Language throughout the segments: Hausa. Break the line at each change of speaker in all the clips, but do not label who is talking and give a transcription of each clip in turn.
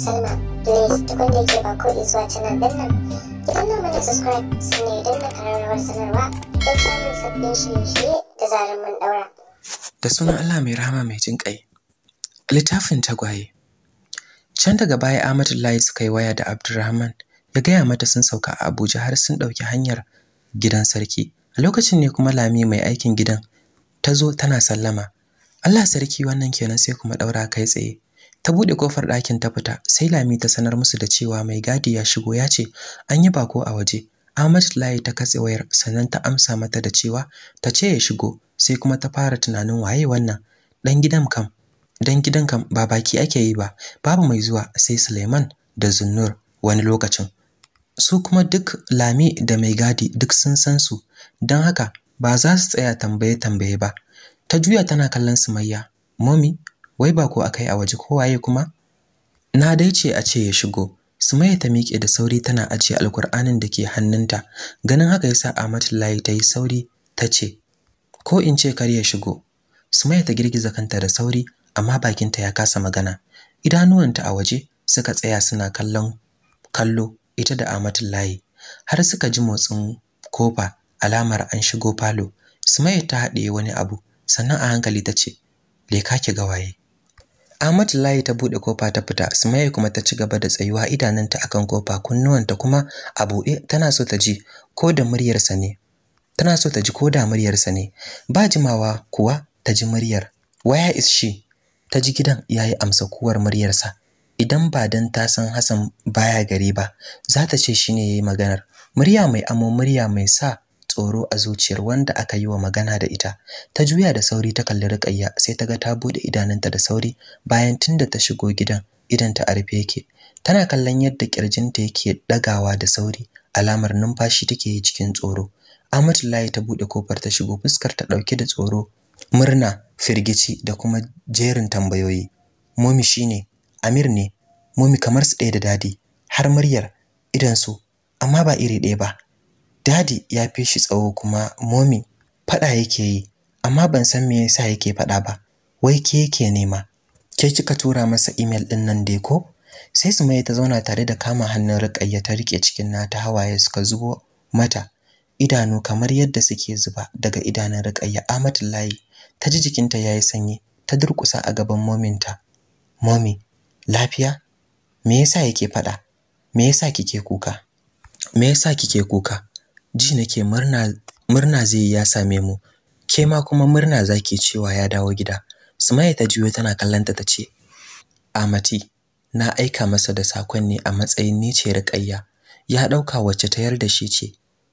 salma please duk wanda yake ba ko zuwa canal nan idan subscribe sannan idan na kararrawar sanarwa don samun sabbin da zarar da sunan allah mai rahama mai jin littafin tagwaye can daga baya amatullahi suka yi waya da abdurrahman ya gaya mata sun sauka a abuja har sun ɗauki hanyar gidan sarki a lokacin ne kuma lami mai aikin gidan ta zo tana sallama allah sarki wannan kenan sai kuma ɗaura kai tsaye ta bude kofar ɗakin ta fita sai lami ta sanar musu da cewa mai gadi ya shigo ya ce an yi bako a waje Ahmad Layi ta katse wayar sannan ta amsa mata da cewa ta ce ya shigo sai kuma ta fara tunanin waye wannan dan gidan kam dan gidan kam ba baki ake yi ba babu mai zuwa sai Suleiman da Zunnur wani lokacin su kuma duk Lami da mai gadi duk sun san su don haka ba za su tsaya tambaye tambaye ba ta juya tana kallon su Sumayya mommy wai ba ko akai a waje kowaye kuma na dai ce a ce ya shigo Sumaya ta miƙe da sauri tana ajiye alkur'anin da ke hannunta ganin haka yasa layi ta yi sauri ta ce ko in ce kar ya shigo Sumaya ta girgiza kanta da sauri amma bakinta ya kasa magana idanuwanta a waje suka tsaya suna kallon kallo ita da Ahmadullahi har suka ji motsin kofa alamar an shigo falo Sumaya ta haɗe wani abu sannan a hankali ta ce leka ki ga Ahmad Layi ta buɗe kofa ta fita, Sumayya kuma ta ci gaba da tsayuwa idanunta akan kofa, kunnuwanta kuma a buɗe tana so ta ji ko da muryarsa ne. Tana so ta ji ko da muryarsa ne. Ba jimawa kuwa ta ji muryar. Waya is she? Ta ji gidan yayi amsa kuwar muryarsa. Idan ba dan ta san Hassan baya gari ba, za ta ce shine yayi maganar. Murya mai amo murya mai sa tsoro a zuciyar wanda aka yi wa magana da ita ta juya da sauri ta kalli riƙayya, sai ta ga ta bude idanunta da sauri bayan tunda ta shigo gidan idan a rufe yake tana kallon yadda kirjinta yake dagawa da sauri alamar numfashi take yi cikin tsoro Layi ta bude kofar ta shigo fuskar ta dauke da tsoro murna firgici da kuma jerin tambayoyi momi shine amir ne momi kamar su ɗaya da dadi har muryar idan su amma ba iri ɗaya ba dadi ya fi shi tsawo kuma momi faɗa yake yi amma ban san me yasa yake faɗa ba wai ke yake nema ke kika tura masa email din nan dai ko sai su mai ta zauna tare da kama hannun riƙayya ta rike cikin nata hawaye suka zubo mata idanu kamar yadda suke zuba daga idanun Rukayya Lai ta ji jikinta yayi sanyi ta durkusa a gaban ta momi lafiya me yasa yake fada me yasa kike kuka me yasa kike kuka ji nake murna murna zai ya same mu ke ma kuma murna zaki cewa ya dawo gida Sumaya ta juyo tana kallanta ta ce Amati na aika masa da sakon ne a matsayin ni ce riƙayya ya ɗauka wacce ta yarda shi ce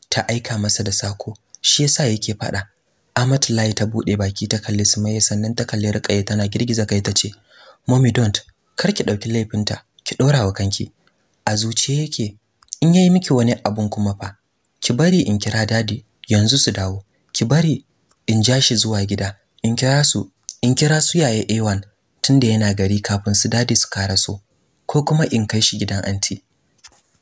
ta aika masa da sako shi yasa yake faɗa. Amat Lai ta buɗe baki ta kalli Sumaya sannan ta kalli riƙayya tana girgiza kai ta ce Mommy don't kar ki ɗauki laifinta ki dora wa kanki a zuciye yake in yayi miki wani abun kuma fa ki bari in kira dadi yanzu su dawo ki bari in ja shi zuwa gida in kira su in kira su yaye a tunda yana gari kafin su dadi su karaso ko kuma in kai shi gidan anti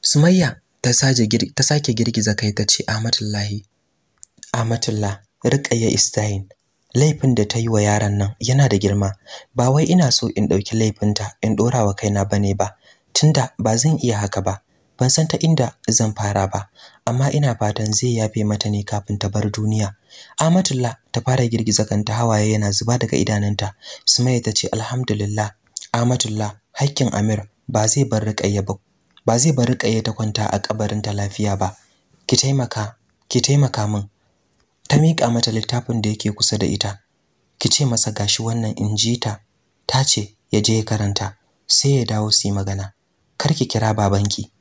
Sumayya ta saje ta sake girgiza kai ta ce Ahmadullahi Ahmadullah ya Istain laifin da ta yi wa yaran nan yana da girma ba wai ina so in ɗauki laifinta in ɗora wa kaina bane ba tunda ba zan iya haka ba ban san ta inda zan fara ba amma ina fatan zai yafe mata ne kafin ta bar duniya Amatullah ta fara girgiza kanta hawaye yana zuba daga idananta Sumayya ta ce alhamdulillah Amatullah hakkin Amir ba zai bar riƙayya ba ba zai bar riƙayya ta kwanta a kabarin ta lafiya ba ki taimaka ki taimaka min ta miƙa mata littafin da yake kusa da ita ki ce masa gashi wannan ji ta ta ce ya je ya karanta sai ya dawo su yi magana kar ki kira babanki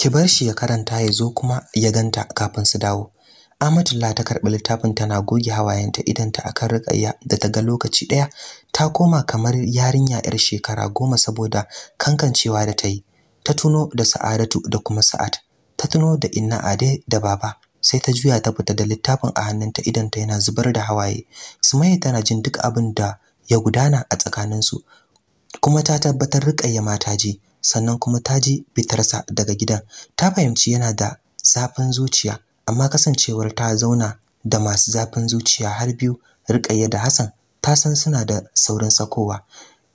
ki bar shi ya karanta ya zo kuma ya ganta kafin su dawo Amatullah ta karɓi littafin tana goge hawayenta idanta akan riƙayya da ta ga lokaci ɗaya ta koma kamar yarinya 'yar shekara goma saboda kankancewa da ta yi. Ta tuno da Sa'adatu da kuma Sa'ad. Ta tuno da Inna Ade da Baba. Sai ta juya ta fita da littafin a hannunta idanta yana zubar da hawaye. Sumaye tana jin duk abin da ya gudana a tsakaninsu. Kuma ta tabbatar riƙayya mata ji. sannan kuma ta ji fitarsa daga gidan ta fahimci yana da zafin zuciya amma kasancewar ta zauna da masu zafin zuciya har biyu rikayya da Hassan ta san suna da saurin sakowa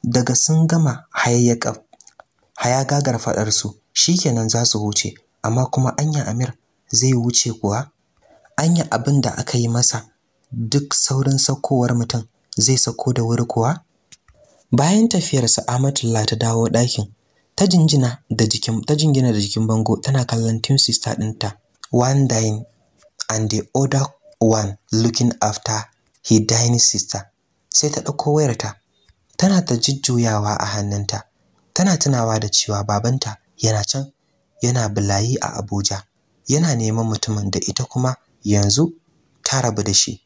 daga sun gama hayagagar fadar su shikenan za su wuce, amma kuma anya Amir zai wuce kuwa anya abin da aka yi masa duk saurin sakowar mutum zai sako da wuri kuwa bayan tafiyarsa Amatullah ta dawo ɗakin ta jinjina da jikin ta jingina da jikin bango tana kallon twin sister ɗinta one dying and the other one looking after his dying sister sai ta ɗauko wayarta tana ta jujjuyawa a hannunta tana tunawa da cewa babanta yana can yana bulayi a Abuja yana neman mutumin da ita kuma yanzu ta rabu da shi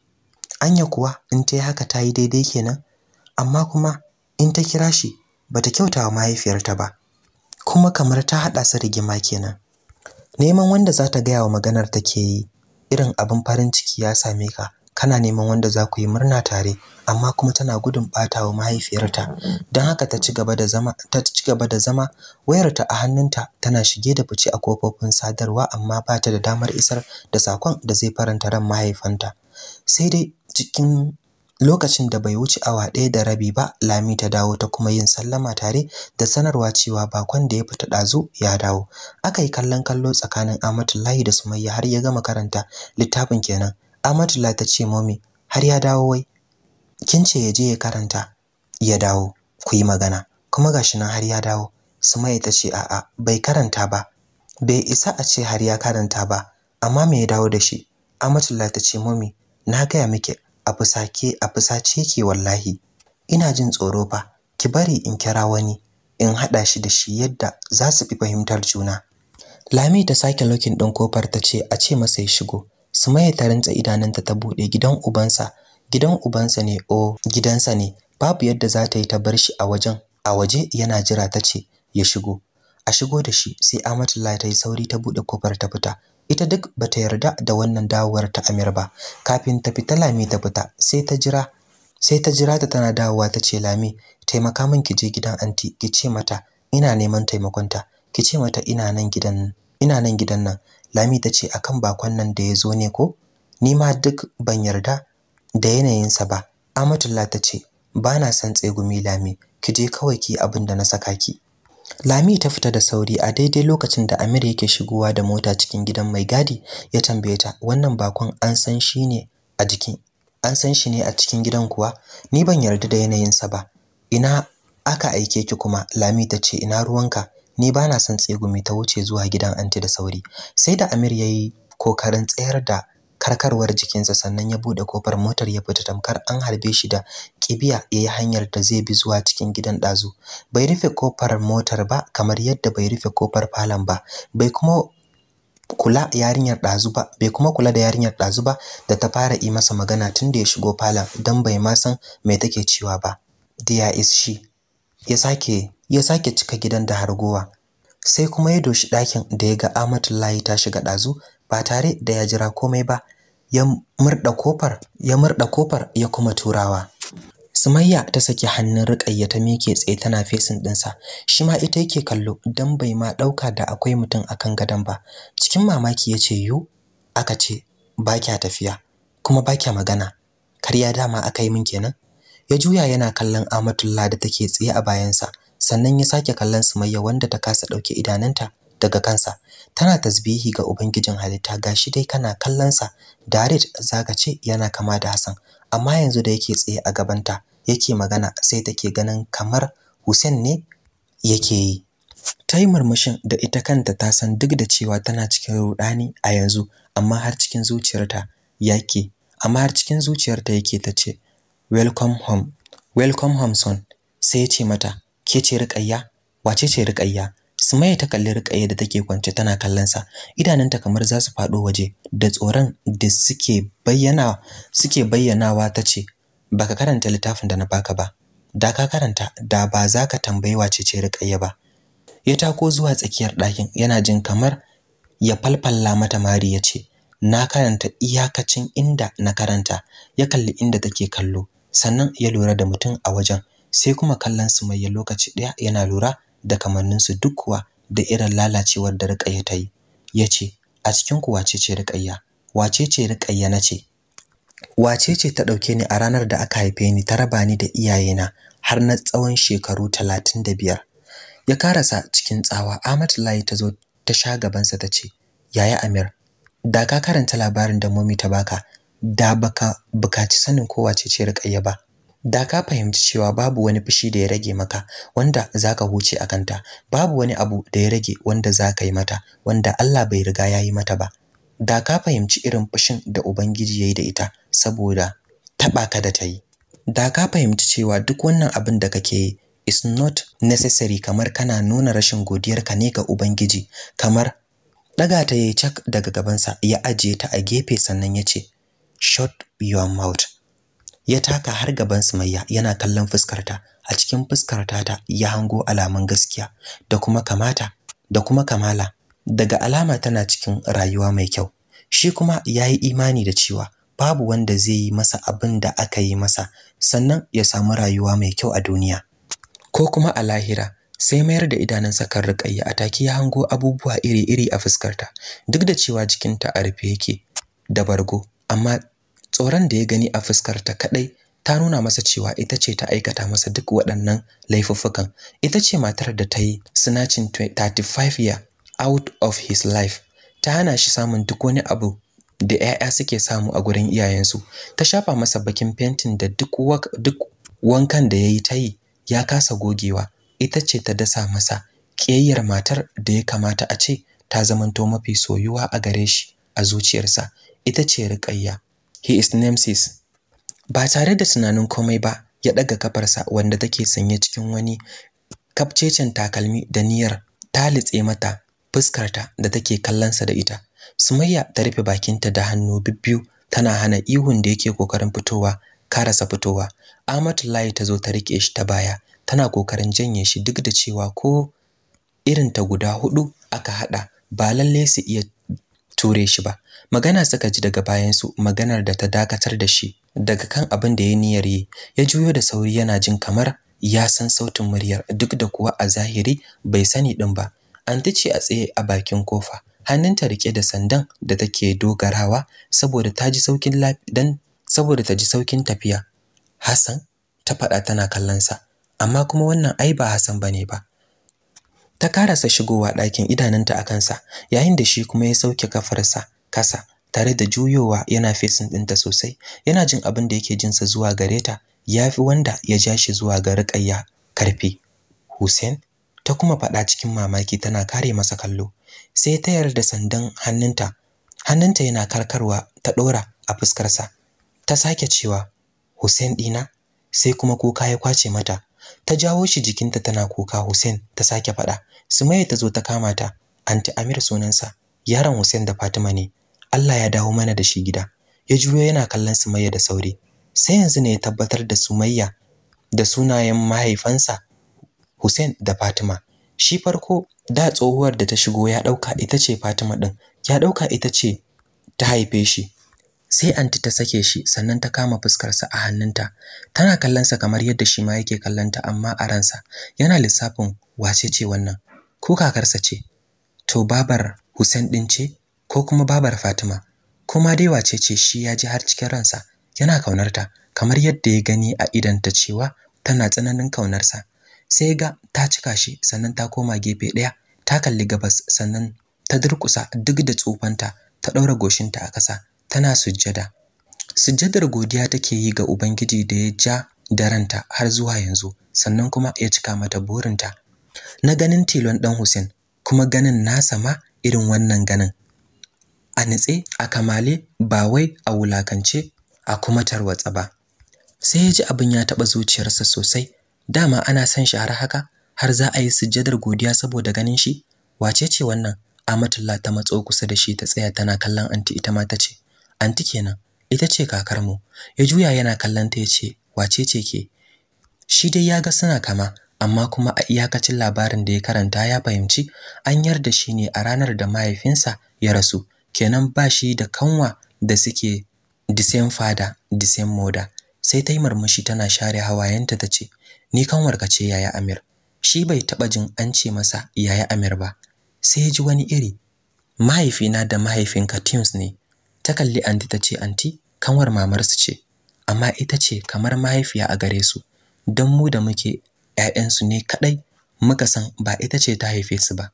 anya kuwa in ta yi haka tayi daidai kenan amma kuma in ta kira shi bata kyauta wa mahaifiyarta ba kuma kamar ta haɗa su rigima kenan neman wanda za ta gaya wa maganar take yi irin abin farin ciki ya same ka kana neman wanda za ku yi murna tare amma kuma tana gudun ɓata wa mahaifiyarta don haka ta ci gaba da zama ta gaba da zama wayarta a hannunta tana shige da fice a kofofin sadarwa amma ba ta da damar isar da sakon da zai faranta ran mahaifanta sai dai cikin lokacin da bai wuce awa ɗaya da rabi ba lami ta dawo ta kuma yin sallama tare da sanarwa cewa bakon da ya fita ɗazu ya dawo aka yi kallon kallo tsakanin lahi da sumayya har ya gama karanta littafin kenan amatullahi ta ce momi har ya dawo wai kin ce ya je ya karanta ya dawo ku yi magana kuma gashi nan har ya dawo sumayya ta ce a'a bai karanta ba bai isa a ce har ya karanta ba amma me ya dawo da shi amatullahi ta ce momi na gaya miki a fusake a ke wallahi ina jin tsoro fa ki bari in kira wani in hada shi da shi yadda za su fi fahimtar juna Lami ta sake lokin ɗin kofar ta ce a ce masa ya shigo su Sumaye ta rantsa idananta ta bude gidan ubansa gidan ubansa ne o oh, gidansa ne babu yadda za ta yi ta bar shi a wajen a waje yana jira ta ce ya shigo a shigo da shi sai Amatullahi ta yi sauri ta bude kofar ta fita ita duk bata yarda da wannan dawowar ta Amir ba kafin ta fita Lami ta fita sai ta jira sai ta jira ta tana dawowa ta ce Lami taimaka min ki je gidan anti ki ce mata ina neman taimakonta ki ce mata ina nan gidan ina nan gidan nan Lami ta ce akan bakon nan da ya zo ne ko ni ma duk ban yarda da yanayinsa ba Amatullah ta ce ba na son tsegumi Lami ki je kawai ki abin da na saka ki Lami ta fita da sauri a daidai lokacin da Amir yake shigowa da mota cikin gidan mai gadi ya tambaye ta wannan bakon an san shi ne a jikin an san shi ne a cikin gidan kuwa ni ban yarda da yanayinsa ba ina aka aike ki kuma Lami ta ce ina ruwanka ni bana son tsegumi ta wuce zuwa gidan anti da sauri sai da Amir yayi kokarin tsayar da karkarwar jikinsa sannan ya buɗe kofar motar ya fita tamkar an harbe shi da kibiya yayi hanyar da zai bi zuwa cikin gidan ɗazu bai rufe kofar motar ba kamar yadda bai rufe kofar falon ba bai kuma kula yarinyar dazu ba bai kuma kula da yarinyar ɗazu ba da ta fara yi masa magana tun da ya shigo falon don bai ma san me take cewa ba dia is she ya sake ya sake cika gidan da hargowa sai kuma ya doshi ɗakin da ya ga Amatullahi ta shiga ɗazu ba tare da ya jira komai ba ya murda kofar ya murda kofar ya kuma turawa Sumayya ta saki hannun riƙayya ta mike tsaye tana fesin ɗinsa, shi ma ita yake kallo dan bai ma ɗauka da akwai mutum akan gadon ba cikin mamaki yace yu aka ce ba kya tafiya kuma ba kya magana karya dama aka yi min kenan ya juya yana kallon Amatullah da take tsaye a bayansa sannan ya sake kallon Sumayya wanda ta kasa dauke idanunta daga kansa tana tasbihi ga ubangijin halitta gashi dai kana kallon sa Darit zaka ce yana kama da Hassan amma yanzu da yake tsaye a gabanta yake magana sai take ganin kamar Hussein ne yake yi ta yi murmushin da ita kanta ta san duk da cewa tana cikin rudani a yanzu amma har cikin zuciyarta yake amma har cikin zuciyarta yake ta ce welcome home welcome home son sai ya ce mata ke ce riƙayya wace ce riƙayya Sumaya ta kalli riƙaye da take kwance tana kallon sa. Idananta kamar za su faɗo waje da tsoron da suke bayyana suke bayyanawa tace baka karanta littafin da na baka ba. Da ka karanta da ba za ka tambayi wace ce Rukayya ba. Ya tako zuwa tsakiyar ɗakin yana jin kamar ya falfalla mata mari ya ce na karanta iyakacin inda na karanta ya kalli inda take kallo sannan ya lura da mutum a wajen sai kuma kallon Sumayya lokaci ɗaya yana lura da kamanninsu duk kuwa da irin lalacewar da riƙayya ta yi Ya ce, a cikin ku wace ce riƙayya? wace ce na ce? wace ce ta ɗauke ni a ranar da aka haife ni ta raba ni da iyayena har na tsawon shekaru talatin da biyar? ya karasa cikin tsawa Ahmad layi ta zo ta sha gabansa ta ce yaya Amir da ka karanta labarin da momi ta baka da baka bukaci sanin ko wace ce Riƙayya ba da ka fahimci cewa babu wani fushi da ya rage maka wanda zaka huce a kanta babu wani abu da ya rage wanda zaka yi mata wanda Allah bai riga ya yi mata ba da ka fahimci irin fushin da ubangiji ya yi da ita saboda taɓa ka da ta yi da ka fahimci cewa duk wannan abin da kake yi is not necessary kamar kana nuna rashin godiyarka ne ga ubangiji kamar daga ta yi cak daga gabansa ya ajiye ta a gefe sannan ya ce shut your mouth ya taka har gaban Sumayya yana kallon fuskarta a cikin fuskarta ta ya hango alamun gaskiya da kuma kamata da kuma kamala daga alama tana cikin rayuwa mai kyau shi kuma yayi imani da cewa babu wanda zai yi masa abin da aka yi masa sannan ya samu rayuwa mai kyau a duniya ko kuma a lahira sai mayar da idanunsa kan Rukayya a take ya hango abubuwa iri-iri a fuskarta duk da cewa jikinta a rufe yake da bargo amma tsoron da ya gani a fuskarta kadai ta nuna masa cewa ita ce ta aikata masa duk waɗannan laifuffukan ita ce matar da ta yi snatching 35 year out of his life ta hana shi samun duk wani abu da 'ya'ya suke samu a gurin iyayensu ta shafa masa bakin fentin da duk wankan da ya yi ta yi ya kasa gogewa ita ce ta dasa masa ƙiyayyar matar da ya kamata a ce ta zamanto mafi soyuwa a gare shi a zuciyarsa ita ce riƙayya he is nemesis ba tare da tunanin komai ba ya ɗaga kafarsa wanda take sanye cikin wani kafcecen takalmi da niyyar litse mata fuskarta da take kallonsa da ita sumayya ta rufe bakinta da hannu bibbiyu tana hana ihun da yake kokarin fitowa karasa fitowa amatullahi ta zo ta rike shi ta baya tana kokarin janye shi duk da cewa ko irin ta guda hudu aka hada ba lallai su iya ture shi ba magana suka ji daga bayansu maganar da ta dakatar da shi daga kan abin da ya niyyar yi ya juyo da sauri yana jin kamar ya san sautin muryar duk da kuwa a zahiri bai sani din ba anti ce a tsaye a bakin kofa hannunta rike da sandan da take dogarawa saboda ta ji saukin dan saboda ta ji saukin tafiya Hassan ta faɗa tana kallon sa amma kuma wannan ai ba Hassan bane ba ta karasa shigowa ɗakin idanunta a kansa yayin da shi kuma ya sauke kafarsa kasa tare da juyowa yana fesin ɗinta sosai yana jin abin da yake jinsa zuwa gare ta yafi wanda ya ja shi zuwa ga riƙayya karfi Hussein ta kuma faɗa cikin mamaki tana kare masa kallo sai ta yarda sandan hannunta hannunta yana karkarwa ta ɗora a fuskarsa ta sake cewa Hussein ɗina sai kuma kuka ya kwace mata ta jawo shi jikinta tana kuka Hussein ta sake faɗa Sumaye ta zo ta kama ta anti Amir sunansa yaron Hussein da Fatima ne Allah ya dawo mana da shi gida ya juyo yana kallon Sumayya da sauri sai yanzu ne ya tabbatar da Sumayya da sunayen mahaifansa Hussein da Fatima shi farko da tsohuwar da ta shigo ya dauka ita ce Fatima din ya dauka ita ce ta haife shi sai anti ta sake shi sannan ta kama fuskarsa a hannunta tana kallonsa kamar yadda shi ma yake kallonta amma a ransa yana lissafin wace ce wannan ko kakarsa ce to babar Hussein ɗin ce ko kuma babar Fatima ko ma dai wace ce shi ya ji har cikin ransa yana kaunar ta kamar yadda ya gani a ta cewa tana tsananin kaunarsa sai ga ta cika shi sannan ta koma gefe ɗaya ta kalli gabas sannan ta durƙusa duk da tsufanta ta ɗaura goshinta a ƙasa tana sujjada sujjadar godiya take yi ga ubangiji da ya ja da ranta har zuwa yanzu sannan kuma ya cika mata burinta na ganin tilon Dan Hussein kuma ganin nasa ma irin wannan ganin a nitse a kamale ba wai a wulakance a kuma tarwatsa ba sai ya ji abin ya taɓa zuciyarsa sosai dama ana son shi har haka har za a yi sujjadar godiya saboda ganin shi wace ce wannan Amatullah ta matso kusa da shi ta tsaya tana kallon anti ita ma ta ce anti kenan ita ce kakarmu ya juya yana kallon ta ya ce wace ce ke shi dai ya ga suna kama amma kuma a iyakacin labarin da ya karanta ya fahimci an yarda shi ne a ranar da mahaifinsa ya rasu kenan ba shi da kanwa da suke the same father the same mother sai ta yi murmushi tana share hawayenta ta ce ni kanwar ka ce yaya Amir shi bai taba jin an ce masa yaya Amir ba sai ya ji wani iri mahaifina da mahaifinka Teams ne ta kalli anti ta ce anti kanwar mamarsu ce amma ita ce kamar mahaifiya a gare su don mu da muke ‘ya'yansu ne kaɗai muka san ba ita ce ta haife su ba.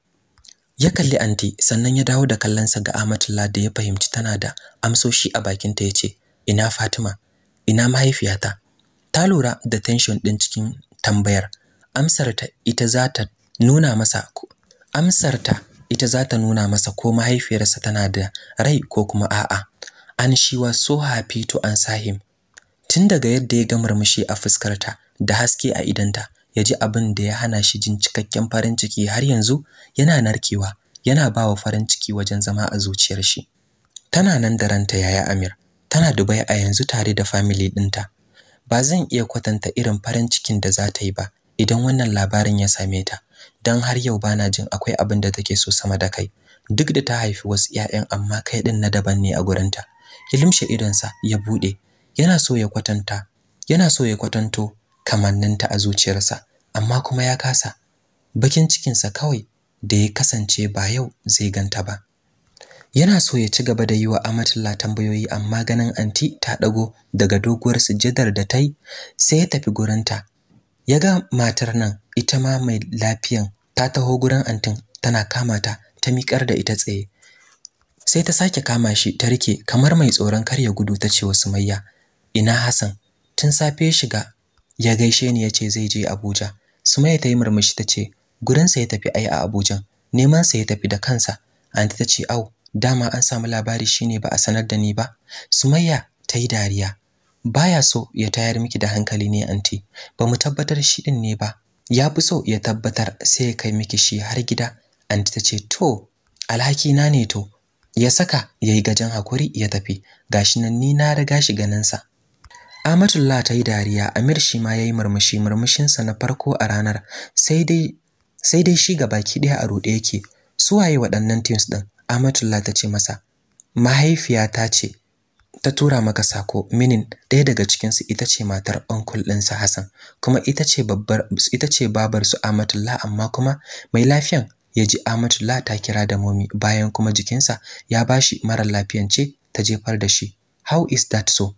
Ya kalli anti sannan ya dawo da kallonsa ga Amatulla da ya fahimci tana da amsoshi a bakinta ya ce, Ina Fatima, ina mahaifiyata. Ta lura da tension ɗin cikin tambayar. Amsarta ita za ta nuna masa amsarta ita za ta nuna masa ko mahaifiyarsa tana da rai ko kuma a'a. An shi wa so happy to answer him. Tun daga yadda ya ga murmushi a fuskarta da haske a idanta, ya ji abin da ya hana shi jin cikakken farin ciki har yanzu yana narkewa yana ba wa farin ciki wajen zama a zuciyar shi tana nan da ranta yaya Amir tana Dubai a yanzu tare da family dinta. ba zan iya kwatanta irin farin cikin da za ta yi ba idan wannan labarin ya same ta dan har yau bana jin akwai abin da take so sama da kai duk da ta haifi wasu 'ya'yan amma kai din na daban ne a gurinta ya limshe idonsa ya buɗe. yana so ya kwatanta yana so ya kwatanto kamanninta a zuciyarsa amma kuma ya kasa bakin cikinsa kawai da ya kasance ba yau zai ganta ba yana so ya ci gaba da yi wa amatilla tambayoyi amma ganin anti ta ɗago daga doguwar sujjadar da ta yi sai ya tafi gurinta ya ga matar nan ita ma mai lafiyan ta taho gurin antin tana kama ta ta miƙar da ita tsaye sai ta sake kama shi ta rike kamar mai tsoron kar ya gudu ta ce wa Sumayya ina Hassan tun safe shiga ya gaishe ni ya ce zai je Abuja. Sumaya ta yi murmushi tace ce, gurinsa ya tafi ai a Abuja, neman sa ya tafi da kansa. Anti ta au, dama an samu labari shine ba a sanar da ni ba. Sumayya ta yi dariya. Baya so ya tayar miki da hankali ne anti, ba mu tabbatar shi din ne ba. Ya fi so ya tabbatar sai ya kai miki shi har gida. Anti ta to, alhaki na ne to. Ya saka yayi yi hakuri ya tafi, gashi nan ni na riga shi ganinsa. Amatullah ta yi dariya, Amir shi ma ya yi murmushi murmushinsa na farko a ranar, sai dai shi ga baki ɗaya a ruɗe yake. Su waye waɗannan teams ɗin? Amatullah ta ce masa, mahaifiyata ce ta tura maka sako minin ɗaya daga cikinsu ita ce matar onkul ɗinsa Hassan kuma ita ce babbar babar su Amatullah amma kuma mai lafiyan ya ji Amatullah ta kira da momi bayan kuma jikinsa ya bashi mara lafiyan ce ta jefar da shi how is that so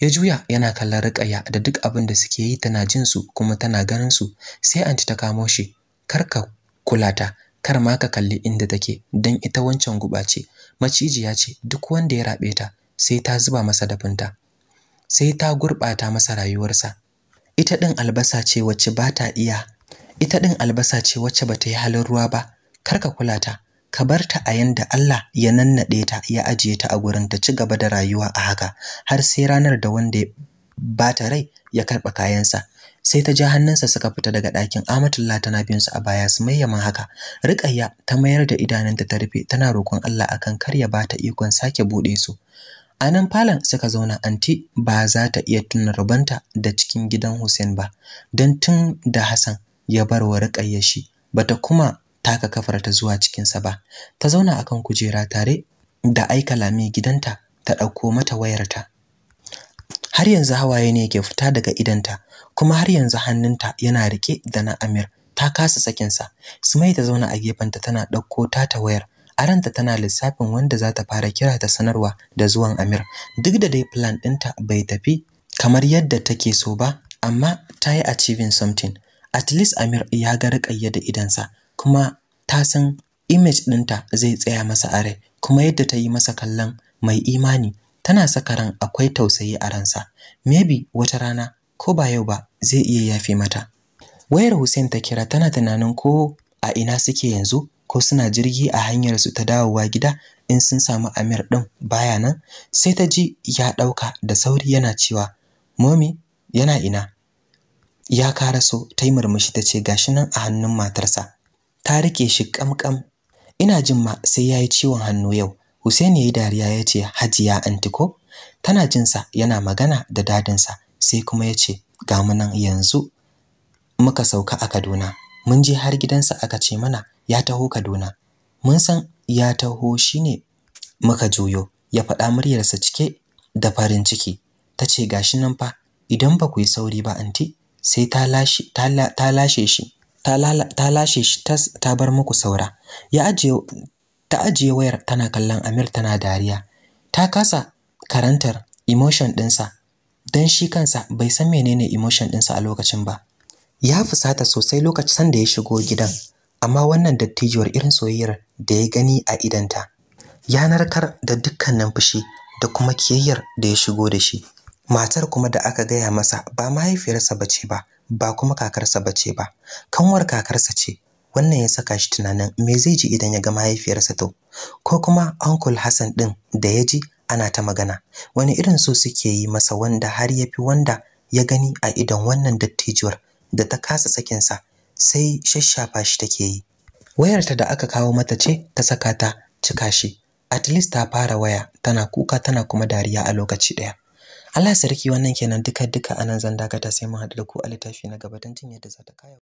ya juya yana kallon riƙaya da duk abin da suke yi tana jin su kuma tana ganin su sai anti ta kamo shi kar ka kula ta kar ma ka kalli inda take don ita wancan guba ce macijiya ce duk wanda ya raɓe ta sai ta zuba masa dafinta sai ta gurɓata masa rayuwarsa ita ɗin albasa ce wacce ba ta iya ita ɗin albasa ce wacce ba ta yi halin ruwa ba kar ka kula ta ka bar ta a yanda Allah ya nannaɗe ta ya ajiye ta a gurin ta ci gaba da rayuwa a haka har sai ranar da wanda ba ta rai ya karɓa kayansa sai ta ja hannunsa suka fita daga ɗakin Amatullah tana bin su a baya su mayyaman haka Riƙayya ta mayar da idanunta ta rufe tana roƙon Allah akan kar ya ba ta ikon sake buɗe su a nan falon suka zauna anti ba za ta iya tuna rubanta da cikin gidan Hussein ba don tun da Hassan ya bar wa Riƙayya shi bata kuma taka kafarta zuwa cikinsa ba ta zauna akan kujera tare da aika lami gidanta ta ɗauko mata wayarta har yanzu hawaye ne ke fita daga idanta kuma har yanzu hannunta yana riƙe da na Amir ta kasa sakinsa Sumai ta zauna a gefenta tana ɗauko ta wayar a ranta tana lissafin wanda za ta fara kira ta sanarwa da zuwan Amir duk da dai plan ɗinta bai tafi kamar yadda take so ba amma ta yi achieving something at least Amir ya ga riƙayya da idansa kuma ta san image ɗinta zai tsaya masa a rai kuma yadda ta yi masa kallon mai imani tana saka ran akwai tausayi a ransa maybe wata rana ko ba yau ba zai iya yafe mata wayar Hussein ta kira tana tunanin ko a ina suke yanzu ko suna jirgi a hanyar su ta dawowa gida in sun samu Amir ɗin baya nan sai ta ji ya ɗauka da sauri yana cewa momi yana ina ya karaso ta yi murmushi ta ce gashi nan a hannun matarsa ta rike shi kamkam ina jin ma sai yayi ciwon hannu yau Hussein yi dariya ya ce Hajiya Antiko tana jinsa yana magana da dadinsa sai kuma ya ce ga mu nan yanzu muka sauka a Kaduna mun je har gidansa aka ce mana ya taho Kaduna mun san ya taho shine muka juyo ya faɗa muryarsa cike da farin ciki ta ce gashi nan fa idan ba ku yi sauri ba anti sai ta lashe shi ta lashe shi ta bar muku saura ya ajiye ta ajiye wayar tana kallon Amir tana dariya ta kasa karantar emotion ɗinsa don shi kansa bai san menene emotion ɗinsa a lokacin ba ya fusata sosai lokacin da ya shigo gidan amma wannan dattijuwar irin soyayyar da ya gani a idanta ya narkar da dukkanin fushi da kuma kiyayyar da ya shigo da shi matar kuma da aka gaya masa ba mahaifiyarsa bace ba ba kuma kakarsa ba ce ba kanwar kakarsa ce wannan ya saka shi tunanin me zai ji idan ya ga mahaifiyarsa to ko kuma uncle Hassan din da ya ji ana ta magana wani irin so suke yi masa wanda har ya fi wanda ya gani a idan wannan dattijuwar da ta kasa sakinsa sai shashafa shi take yi wayarta da aka kawo mata ce ta saka ta cika shi at least ta fara waya tana kuka tana kuma dariya a lokaci ɗaya Allah sarki wannan kenan duka duka anan zan dakata sai mu haɗu da ku a littafi na gaba don jin yadda za ta kaya